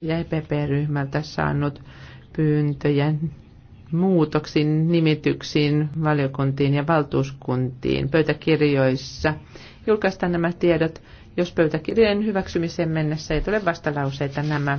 ja EPP-ryhmältä saanut pyyntöjä muutoksiin, nimityksiin, valiokuntiin ja valtuuskuntiin. Pöytäkirjoissa julkaistaan nämä tiedot. Jos pöytäkirjojen hyväksymiseen mennessä ei tule vastalauseita, nämä